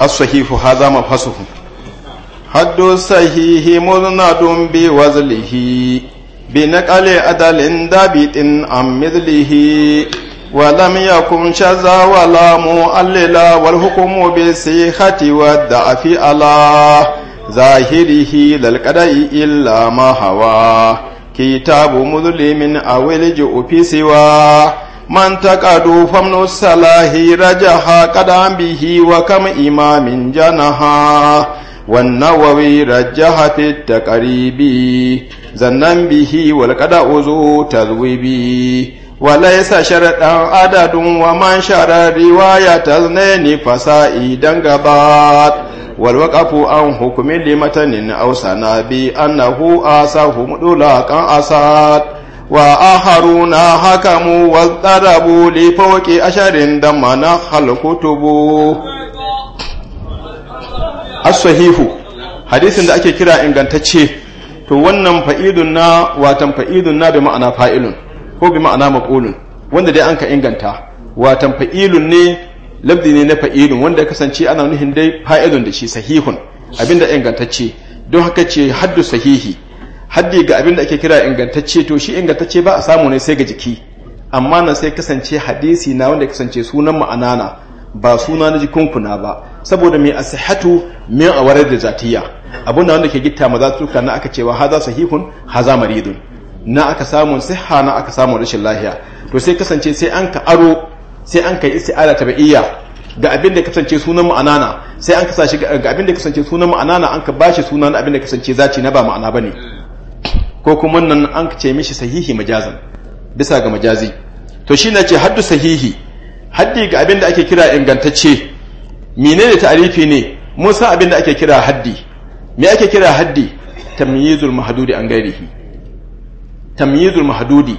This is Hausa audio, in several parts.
as-sahihu hadha mafasuhu haddu sahihi muznadun bi wazlihi bi naqali adalin dabitin am mithlihi wa lam yakun shaza wa la mu'allila wal hukmu bi sihati wa da'fi ala zahirihi lal qada'i illa ma hawa kitabu muzlimin awil ju'fi siwa من تقعد فمن السلاه رجحا قدام به وكم إمام جنها والنووي رجح في التقريب ظنا به ولقد أوزو تذويبي وليس شرطا عدد ومن شر رواية اثنين فسائدا قبات والوقف عن حكم لمتن أو سنابي أنه آساه مدلقا أساد wa وآخرون حكموا واضطربوا لفوق أشر دمنخ الكتب الصحيح hadisin da ake kira ingantacce to wannan fa'idun na watan fa'idun na bi ma'ana fa'ilun ko bi ma'ana maqulun wanda dai an ka inganta watan fa'ilun ne labdi ne na fa'ilun wanda kasance ana nuhin dai fa'ilun da shi sahihun abinda ingantacce don haka ce haddu sahihi haddi ga abin da ake kira ingantacce to shi ingantacce ba a samu ne sai ga jiki amma nan sai kasance hadisi na wanda kasance sunan ma'ana na ba suna na jikunkuna ba saboda mai asihatu min warar da zatiya abin da wanda ke gitta maza tuka na aka cewa haza sahihun haza maridun na aka samun siha na aka samun rashin lahiya to sai kasance sai an ka aro sai an ka yi isti'ala tabi'iyya ga abin da kasance sunan ma'anana sai an kasa shi ga abin da kasance sunan ma'anana an ka bashi sunan abin da kasance zaci na ba ma'ana bane ko kuma nan an ce mishi sahihi majazan bisa ga majazi to shi na ce haddu sahihi haddi ga abin da ake kira ingantacce menene ta'arifi ne mun san abin da ake kira haddi me ake kira haddi tamyizul mahdudi an gairihi tamyizul mahdudi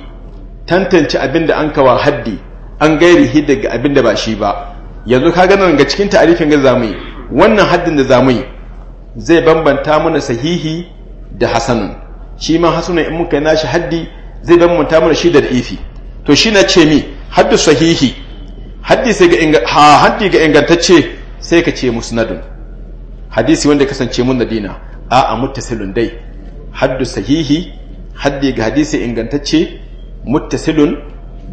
tantance abin da an kawar haddi an gairihi daga abin da ba shi ba yanzu ka nan ga cikin ta'arifin ga zamu wannan haddin da zamu zai bambanta mana sahihi da hasanun shi ma hasunan in muka nashi haddi zai bambanta mana shi da da'ifi to shi na ce mi haddi sahihi haddi sai ga ha haddi ga ingantacce sai ka ce musnadun hadisi wanda kasance mun nadina a a muttasilun dai haddi sahihi haddi ga hadisi ingantacce muttasilun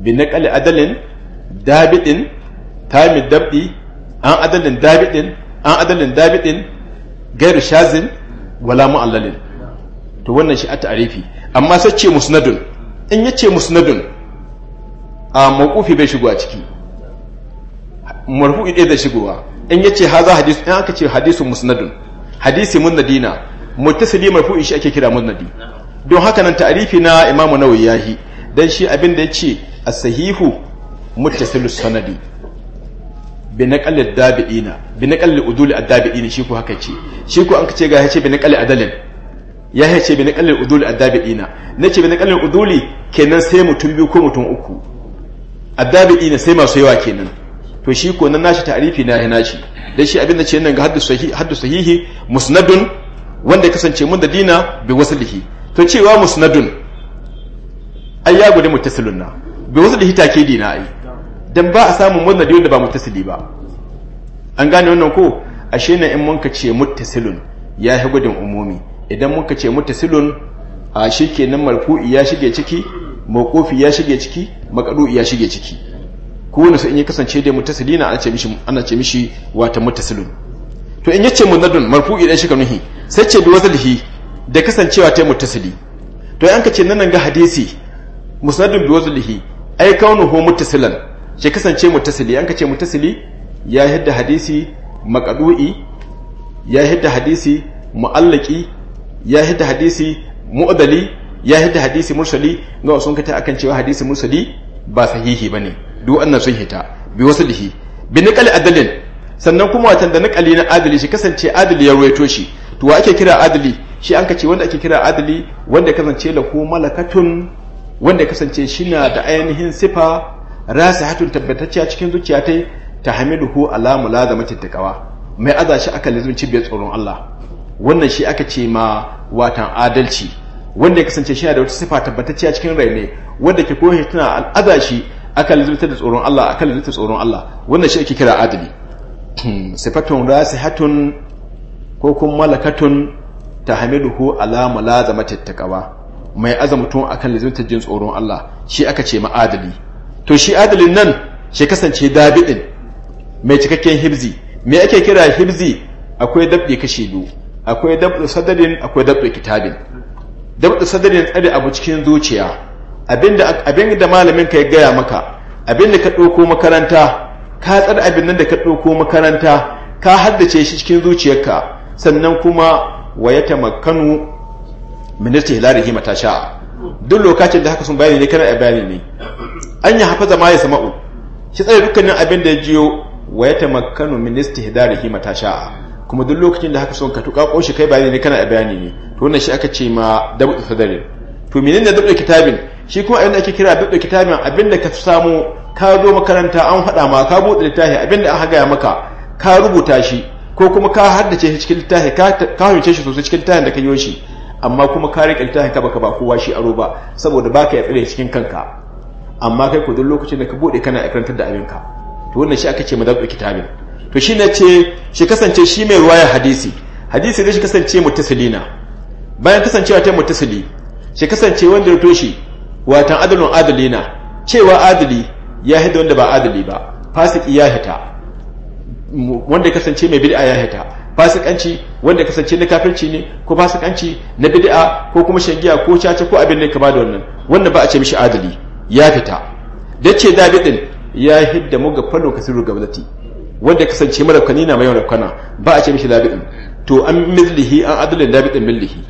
bi naqal adalin dabidin tamid dabdi an adalin dabidin an adalin dabidin gairu shazin wala mu'allalin to wannan shi a ta'arifi amma sai ce musnadun in ya ce musnadun a mawqufi bai shigo a ciki marfu'i ɗaya da shigowa in ya ce haza hadis in aka ce hadisu musnadun hadisi munnadina muttasili marfu'i shi ake kira munnadi don haka nan ta'arifi na imamu nawawi yahi dan shi abin da ya ce as-sahihu muttasilus sanadi bi naqal ad-dabi'ina bi naqal udul ad-dabi'ina shi ko haka ce shi ko an ce ga ya bi naqal adalin ya hace bi naqalil uduli a na ce bi naqalil uduli kenan sai mutum biyu ko mutum uku a addabiina sai masu yawa kenan to shi ko nan nashi ta'arifi na yana shi da shi abin da ce nan ga haddu sahihi musnadun wanda kasance mun da dina bi lihi to cewa musnadun ai ya gudu mutasilun na bi waslihi takidi na ai dan ba a samu da wanda ba mutasili ba an gane wannan ko ashe na in mun ka ce muttasilun ya yi gudun umumi idan muka ce mutasilun a nan marfu'i ya shige ciki makofi ya shige ciki makadu ya shige ciki wani sai in yi kasance da mutasilina ana ce mishi ana ce mishi wata mutasilun to in yace munadun marfu'i idan shi nuhi sai ce bi wazlihi da kasancewa ta mutasili to an ka ce nan ga hadisi musnadun bi wazlihi ai kaunuhu muttasilan shi kasance muttasili an ka ce muttasili ya hidda hadisi makadu'i ya hidda hadisi mu'allaki ya hita hadisi mu'adali ya hita hadisi mursali ga sun kata akan cewa hadisi mursali ba sahihi ba ne duk wannan sun hita bi waslihi bi niqal adalin sannan kuma watan da niqali na adali shi kasance adali ya ruwaito shi to wa ake kira adali shi an kace wanda ake kira adali wanda kasance la ko malakatun wanda kasance shi na da ainihin sifa rasihatun tabbatacciya cikin zuciya ta tahmiduhu ala mulazamati taqwa mai azashi akan lazumci biyar tsoron Allah wannan shi aka ce ma watan adalci wanda ya kasance shi da wata sifa a cikin rai ne wanda ke kohe tana al'ada shi aka lalata da tsoron Allah aka lalata tsoron Allah wannan shi ake kira adali sifatun rasihatun ko kuma malakatun tahmiluhu ala mulazamati taqwa mai azamtun akan lalata jin tsoron Allah shi aka ce ma adali to shi adalin nan shi kasance dabidin mai cikakken hibzi me ake kira hibzi akwai dabbe kashe biyu akwai dabda sadarin akwai dabda kitabin dabda sadarin tsare abu cikin zuciya abinda abinda malamin ka ya gaya maka abinda ka ɗauko makaranta ka tsara abin nan da ka ɗauko makaranta ka haddace shi cikin zuciyarka sannan kuma wa ya tamakkanu minista ta sha'a. duk lokacin da haka sun bayani ne kana a bayani ne an yi hafaza ma ya sama'u shi tsaye dukkanin abin da ya jiyo wa ya tamakkanu minista ta sha'a. kuma duk lokacin da haka son ka tuka koshi kai bayani ne kana a bayani ne to wannan shi aka ce ma dabu sadari to menene dabu kitabin shi kuma abin da ake kira dabu kitabin abinda ka samu ka zo makaranta an faɗa ma ka buɗe littafi abinda an hagaya maka ka rubuta shi ko kuma ka haddace shi cikin littafi ka fahimce shi sosai cikin littafin da ka yi shi amma kuma ka rike littafin ka baka ba kowa shi aro ba saboda baka ya tsire cikin kanka amma kai ku duk lokacin da ka bude kana karantar da abinka to wannan shi aka ce ma dabu kitabin to shi ce shi kasance shi mai ruwaya hadisi hadisi zai shi kasance mutasilina bayan kasancewa ta mutasili shi kasance wanda rito shi watan adalin adalina cewa adali ya hita wanda ba adali ba fasiki ya hita wanda kasance mai bid'a ya hita fasikanci wanda kasance na kafirci ne ko fasikanci na bid'a ko kuma shagiya ko caca ko abin ne ka da wannan wanda ba a ce mishi adali ya fita da ce ya hidda muga falo kasiru gabzati wanda kasance mara kwani na mayan rafkana ba a ce mishi labi'in to an mizlihi an adalin labi'in millihi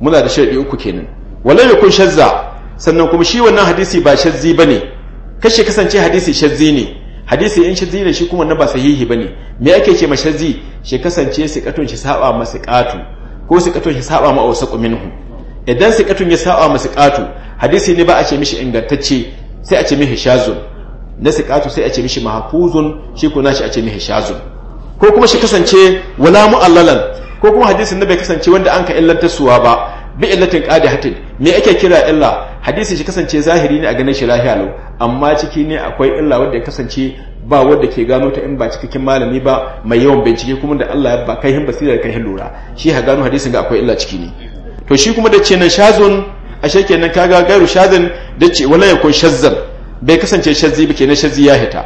muna da sharadi uku kenan wala kun shazza sannan kuma shi wannan hadisi ba shazzi bane kashe kasance hadisi shazzi ne hadisi in shazzi ne shi kuma wannan ba sahihi bane me ake ce mashazzi shi kasance sikatun shi saba masa katu ko sikatun shi saba ma awsaqu minhu idan sikatun ya saba masa katu hadisi ne ba a ce mishi ingantacce sai a ce mishi shazun na sikatu sai a ce mishi mahafuzun shi ko nashi a ce mishi shazun ko kuma shi kasance wala mu'allalan ko kuma hadisin na bai kasance wanda an ka illantar suwa ba bi illatin qadi hatin me ake kira illa hadisi shi kasance zahiri ne a ganin shi lahiya amma ciki ne akwai illa wanda ya kasance ba wanda ke gano ta in ba cikakken malami ba mai yawan bincike kuma da Allah ya ba kai hin basira da kai hin lura shi ha gano hadisin ga akwai illa ciki ne to shi kuma da ce nan shazun ashe kenan kaga gairu shazun. da ce wala yakun shazzan bai kasance shazzi ba kenan shazzi ya hita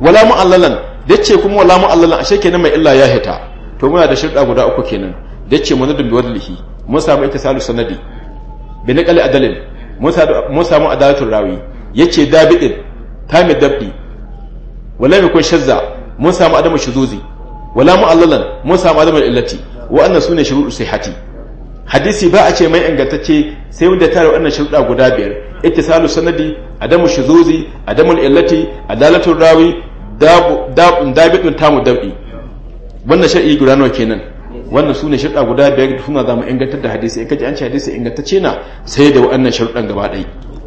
wala mu'allalan dace kuma wala mu'allalan ashe kenan mai illa ya hita to muna da shirda guda uku kenan dace munadun bi wadlihi mun samu ita salu sanadi bi naqali adalin mun samu adalatul rawi yace dabidin tamid dabdi wala mu kun shazza mun samu adamu shuzuzi wala mu'allalan mun samu adamu illati anna sune shuruɗu sihhati hadisi ba a ce mai ingantacce sai wanda tare wannan shirda guda biyar ittisalu sanadi adamu shuzuzi adamu illati adalatul rawi dabitun tamu dabi wannan shar'i guda nawa kenan wannan sune sharɗa guda biyar da suna zamu ingantar da hadisi in kaji an ci hadisi ingantacce na sai da wa'annan sharuɗan gaba ɗaya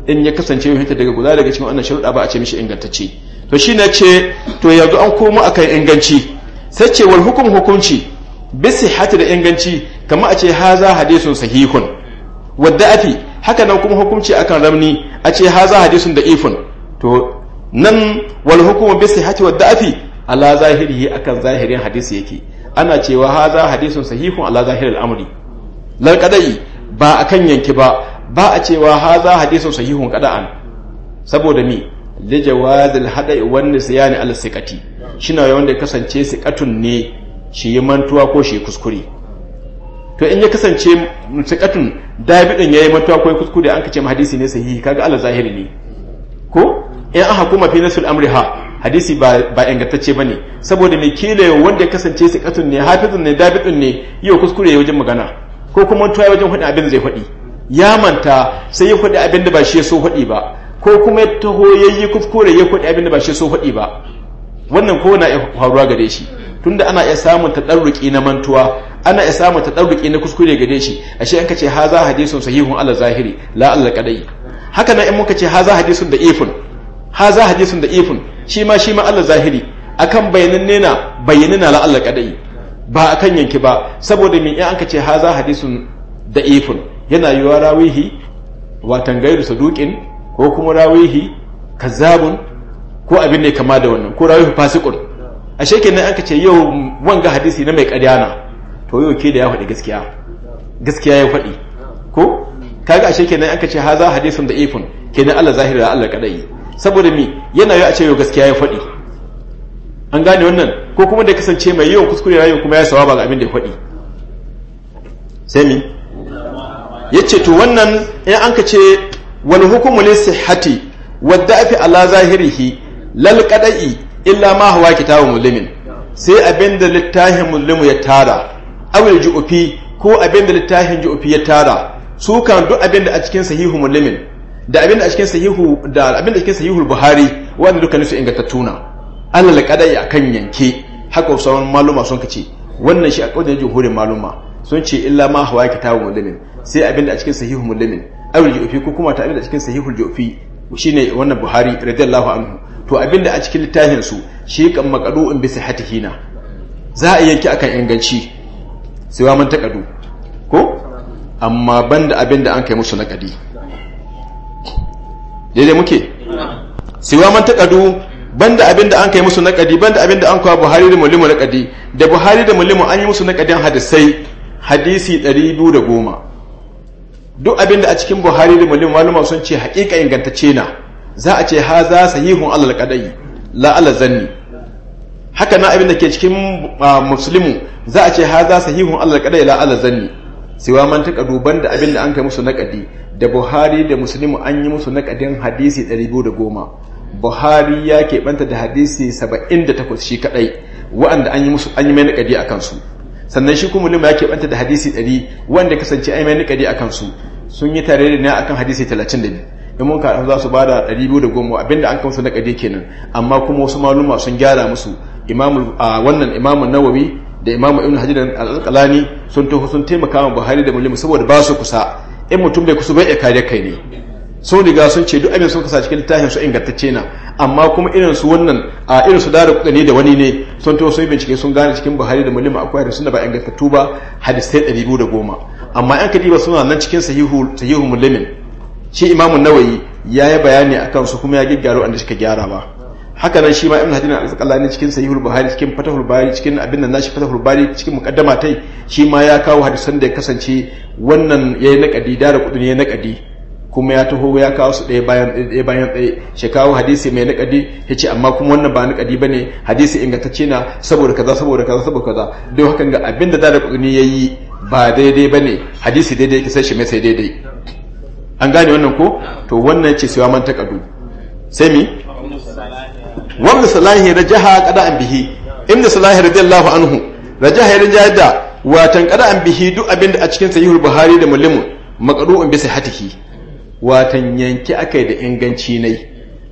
in ya kasance ya daga guda daga cikin wannan sharuɗa ba a ce mishi ingantacce to shi na ce to yanzu an komo akan inganci sai ce wal hukum hukunci bisi hati da inganci kama a ce haza hadisun sahihun wadda afi haka nan kuma hukunci akan ramni a ce haza hadisun da ifin to nan wal hukumu bi sihhati wa da'fi ala zahirihi akan zahirin hadisi yake ana cewa haza hadisun sahihun ala zahiril amri lal qada'i ba akan yanki ba ba a cewa haza hadisun sahihun qada'an saboda mi li jawazil hada'i wan nisyani al shi shina wanda kasance sikatun ne shi mantuwa ko shi kuskure to in ya kasance mutukatun dabidin yayi matuwa ko kuskure an kace hadisi ne sahihi kaga Allah zahiri ne ko in an kuma fi nasul ha hadisi ba ba ingantacce saboda mai kila wanda ya kasance sikatun ne hafizun ne dabidin ne yau kuskure wajen magana ko kuma mantuwa wajen faɗi abin zai hudu ya manta sai ya hudu abin da ba shi ya so hudu ba ko kuma ya taho yayi kuskure ya hudu abin da ba shi ya so hudu ba wannan ko na faruwa gare shi tunda ana iya samun tadarruki na mantuwa ana iya samun tadarruki na kuskure gare shi ashe an kace haza hadisun sahihun ala zahiri la alla qadai haka nan in muka ce haza hadisun da ifun haza hadisun da ifun shi ma shi ma ala zahiri akan bayananne na bayanana la alla qadai ba akan yanki ba saboda min in an kace haza hadisun da ifun yana yiwa rawihi watan gairu saduqin ko kuma rawihi kazzabun ko abin ne kama da wannan ko rawihi fasiqun a ashe kenan aka ce yau wanga hadisi na mai ƙaryana to yau ke da ya faɗi gaskiya gaskiya ya faɗi ko kaga a ashe kenan aka ce haza hadisun da ifun kenan Allah zahiri da Allah kadai saboda mi yana yau a ce yau gaskiya ya faɗi an gane wannan ko kuma da kasance mai yawan kuskure rayu kuma ya sawaba ga abin da ya faɗi sai mi yace to wannan in an ka ce wal hukumu li sihhati wa da'fi ala zahirihi lal qada'i illa ma huwa kitabu mulimin sai abinda littahin mulimu ya tara awil ju'ufi ko abinda littahin ju'ufi ya tara su kan duk abinda a cikin sahihu mulimin da abinda a cikin sahihu da abinda a cikin sahihu buhari wanda tuna su ingantattuna alal qadai akan yanke haka sauran maluma sun kace wannan shi a kaudin jumhurin maluma sun ce illa ma huwa kitabu mulimin sai abinda a cikin sahihu mulimin awil ju'ufi ko kuma ta abinda a cikin sahihu ju'ufi shine wannan buhari radiyallahu anhu to abinda a cikin littafin su shi kan makadu'un bi sihhatihi na za a yanki akan inganci sai wa mun takadu ko amma banda abinda an kai musu nakadi daidai muke sai wa mun takadu banda abinda an kai musu nakadi banda abinda an kawo Buhari da Muslim nakadi da Buhari da Muslim an yi musu nakadin hadisai hadisi 210 duk abinda a cikin Buhari da Muslim waluma sun ce haƙiƙa ingantacce na za a ce ha za sahihun alal kadai laala ala zanni haka na abin da ke cikin ah, musulmi za a ce ha za sahihun alal kadai laala ala zanni siwa man ta duban da abin da an kai musu naƙadi da buhari da musulmi an yi musu naƙadin hadisi 210 buhari ya keɓanta da hadisi 78 shi kadai wa'anda an yi musu an yi mai naqadi akan su sannan shi kuma lima ya keɓanta da hadisi 100 wanda kasance an yi mai naqadi akan su sun yi tare da ne akan hadisi 32 in mun kaɗa za su ba da 210 abinda an kamsa na ƙade kenan amma kuma wasu maluma sun gyara musu wannan imamun nawawi da imamu ibn da alƙalani sun taho sun taimaka wa buhari da mulimu saboda ba su kusa in mutum bai kusa bai ya kare kai ne sun riga sun ce duk abin sun kasa cikin littafin su ingantacce na amma kuma irin su wannan a irin su dara kudane da wani ne sun taho sun bincike sun gane cikin buhari da mulimu akwai hadisun da ba ingantattu ba hadisai ɗari biyu da goma amma yan kadiba suna nan cikin sahihu mulimin. shi imamun nawayi ya yi bayani a kansu kuma ya gaggaro an da suka gyara ba haka nan shi ma ibn hajjina al-asqalani cikin sahihul buhari cikin fatahul bari cikin abin nan nashi fatahul bari cikin muqaddama tai shi ma ya kawo hadisan da ya kasance wannan yayi naqadi da kudin yayi naqadi kuma ya taho ya kawo su ɗaya bayan ɗaya bayan ɗaya shi kawo hadisi mai naƙadi ya ce amma kuma wannan ba naƙadi ba ne hadisi ingantacce na saboda kaza saboda kaza saboda kaza don hakan ga abin da da kudini ya yi ba daidai ba ne hadisi daidai ki sai shi mai sai daidai an gane wannan ko to wannan ce siwa man takadu sai mi wanda salahi rajaha qada an bihi inda salahi radiyallahu anhu rajaha ya rajaha da watan qada an bihi duk abinda a cikin sahihul buhari da muslim maqru'un bi sihhatihi watan yanki akai da inganci nai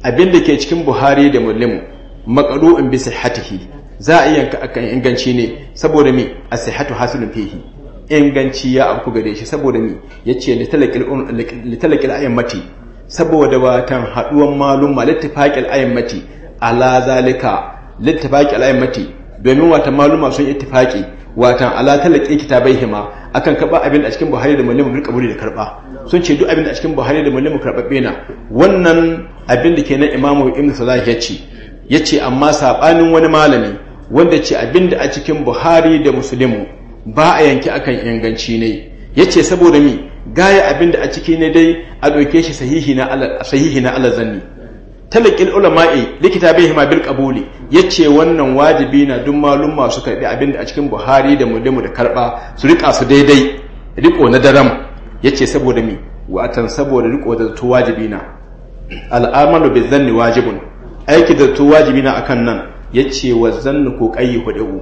abinda ke cikin buhari da muslim maqru'un bi sihhatihi za a yanka akan inganci ne saboda mi as-sihhatu hasilun fihi inganci ya abu gare shi saboda ni ya ce litalakil ayyammati saboda watan haɗuwan malumma littafakil ayyammati ala zalika littafakil ayyammati domin watan maluma sun ittifaki watan ala talaki kitabai hima akan kaba abin a cikin buhari da muslim bil kabuli da karba sun ce duk abin a cikin buhari da muslim karbabbe na wannan abin da ke na imamu ibn salah ya ce ya ce amma saɓanin wani malami wanda ce abin da a cikin buhari da musulmi. ba a yanki akan inganci ne yace saboda mi gaya abin da a ciki ne dai a ɗauke shi sahihi na zanni Talakin ulama'i likita bai hima bil kabuli yace wannan wajibi na duk malum masu karbi abin da a cikin buhari da mulimu da karba su rika su daidai riko na daram yace saboda mi watan saboda riko da to wajibi na al'amalu bi zanni wajibun aiki da to wajibi na akan nan yace wa zannu ko qayyi hudu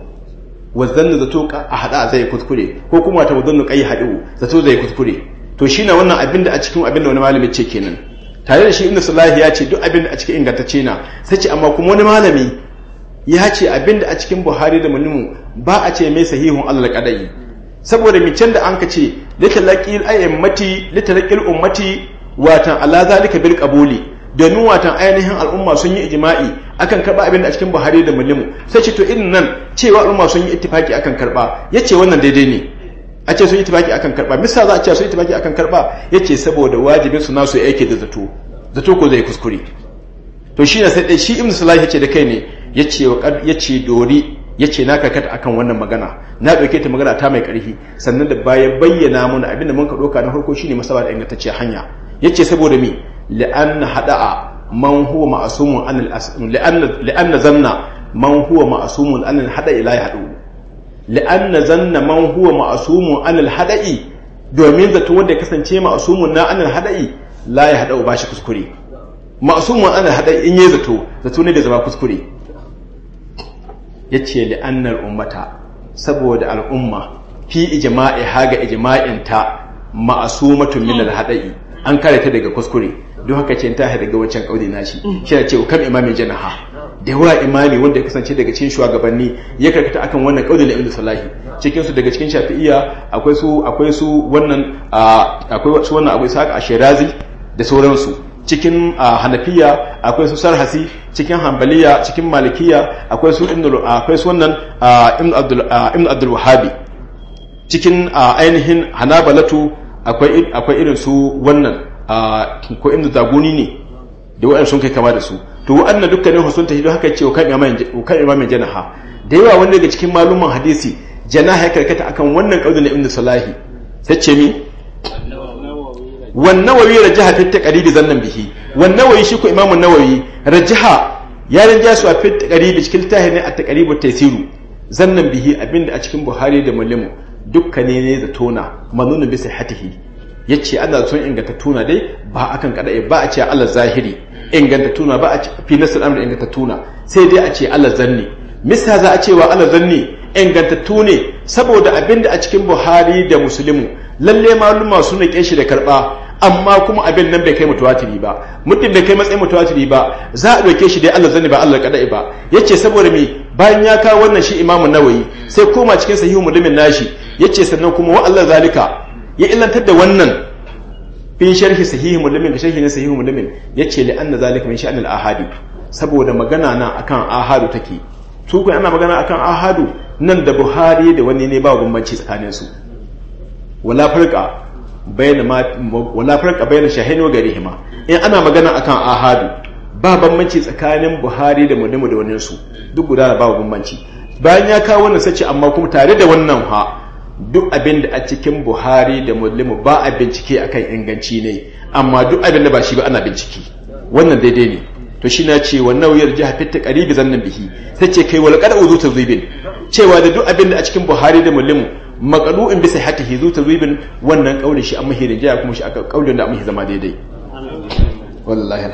wazannu zato a hada zai kuskure ko kuma ta wazannu kai hadu zato zai kuskure to shi na wannan abin a cikin abin wani malami ce kenan tare da shi inda sulahi ya ce duk abin a cikin ingantacce na sai ce amma kuma wani malami ya ce abinda a cikin buhari da munimu ba a ce mai sahihun allah kadai saboda micen da an ka ce litalaqil ummati watan ala zalika bil qabuli da nuwatan ainihin al'umma sun yi ijima'i akan karba abin da a cikin buhari da mulimu sai ce to irin nan cewa al'umma sun yi ittifaki akan karba ya ce wannan daidai ne a ce sun yi ittifaki akan karba misa za a ce sun yi ittifaki akan karba ya ce saboda wajibin su nasu yake da zato zato ko zai kuskure to shi ne sai dai shi ibnu salah ya ce da kai ne ya ce ya ce dori ya ce na karkata akan wannan magana na dauke ta magana ta mai ƙarfi sannan da bayan bayyana mun abin da mun ka doka na farko shine masaba da ingantacciyar hanya ya ce saboda mi li'anna hada'a man huwa ma'asumun anil li'anna zanna man huwa ma'asumun anil hada'i la yahdu li'anna zanna man huwa ma'asumun anil hada'i domin zato wanda ya kasance ma'asumun na anan hada'i la ya yahdau ba shi kuskure ma'asumun anan hada'i in yi zato zato ne da zama kuskure Ya yace li'annar ummata saboda al'umma fi ijma'i haga ijma'in ta ma'asumatun min al-hada'i an kare ta daga kuskure don haka ce ta daga wancan kauli nashi mm. shi ce cewa kan imamin janaha da yawa imami wanda ya kasance daga cikin shugabanni ya karkata akan wannan kauli na inda salahi cikin su daga cikin shafi'iyya akwai su akwai su wannan akwai su wannan abu saka ashirazi da sauransu cikin hanafiya akwai su sarhasi cikin hanbaliya cikin malikiya akwai su ibnu akwai su wannan ibnu abdul abdul wahabi cikin ainihin hanabalatu akwai akwai irin su wannan ko inda zaguni ne da wa'an sun kai kama da su to wa'annan dukkanin sun tafi don haka ce wa kan imamin janaha da yawa wanda daga cikin maluman hadisi janaha ya karkata akan wannan kaudin ibn salahi sai ce mi wannan wawi rajaha ƙari taqribi zannan bihi wannan wawi shi ko imamun nawawi rajaha ya rinja su a ƙari taqribi cikin tahiri a taqribu taysiru zannan bihi abinda a cikin buhari da muslim dukkanin ne da tona manunun bi sihhatihi ya ce ana son inganta tuna dai ba akan kaɗa eh, ba a ce Allah zahiri inganta tuna ba a ce fi nasul inganta tuna sai dai a ce Allah zanni misa za a ce wa Allah zanni inganta tune saboda da a cikin Buhari da Musulmi lalle maluma su nake shi da karɓa amma kuma abin nan bai kai mutuwatiri ba muddin bai kai matsayin mutuwatiri ba za a ɗauke shi dai Allah zanni ba Allah kaɗai ba ya ce saboda me bayan ya kawo wannan shi imamu nawayi sai koma cikin sahihu Muslim nashi ya ce sannan kuma wa Allah zalika ya illantar da wannan fin sharhi sahihi mulmin da sharhi na sahihi mulmin ce li anna zalika min sha'anil ahadi saboda magana na akan ahadu take su kun ana magana akan ahadu nan da buhari da wani ne ba bambanci tsakanin su wala farqa bayna ma wala farqa bayna shahin wa garihima in ana magana akan ahadu ba bambanci tsakanin buhari da mulmin da wani su duk guda ba bambanci bayan ya kawo wannan sace amma kuma tare da wannan ha duk abin da a cikin buhari da mulimu ba a bincike akan inganci ne amma duk abin da ba shi ba ana bincike wannan daidai ne to shi na ce wa nauyar jiha fitta karibi zannan bihi ta ce kai wal uzu zu tazwibin cewa da duk abin da a cikin buhari da in bisa bi sihhatihi zu tazwibin wannan kaulin shi an da jiha kuma shi aka kaulin da an mahi zama daidai wallahi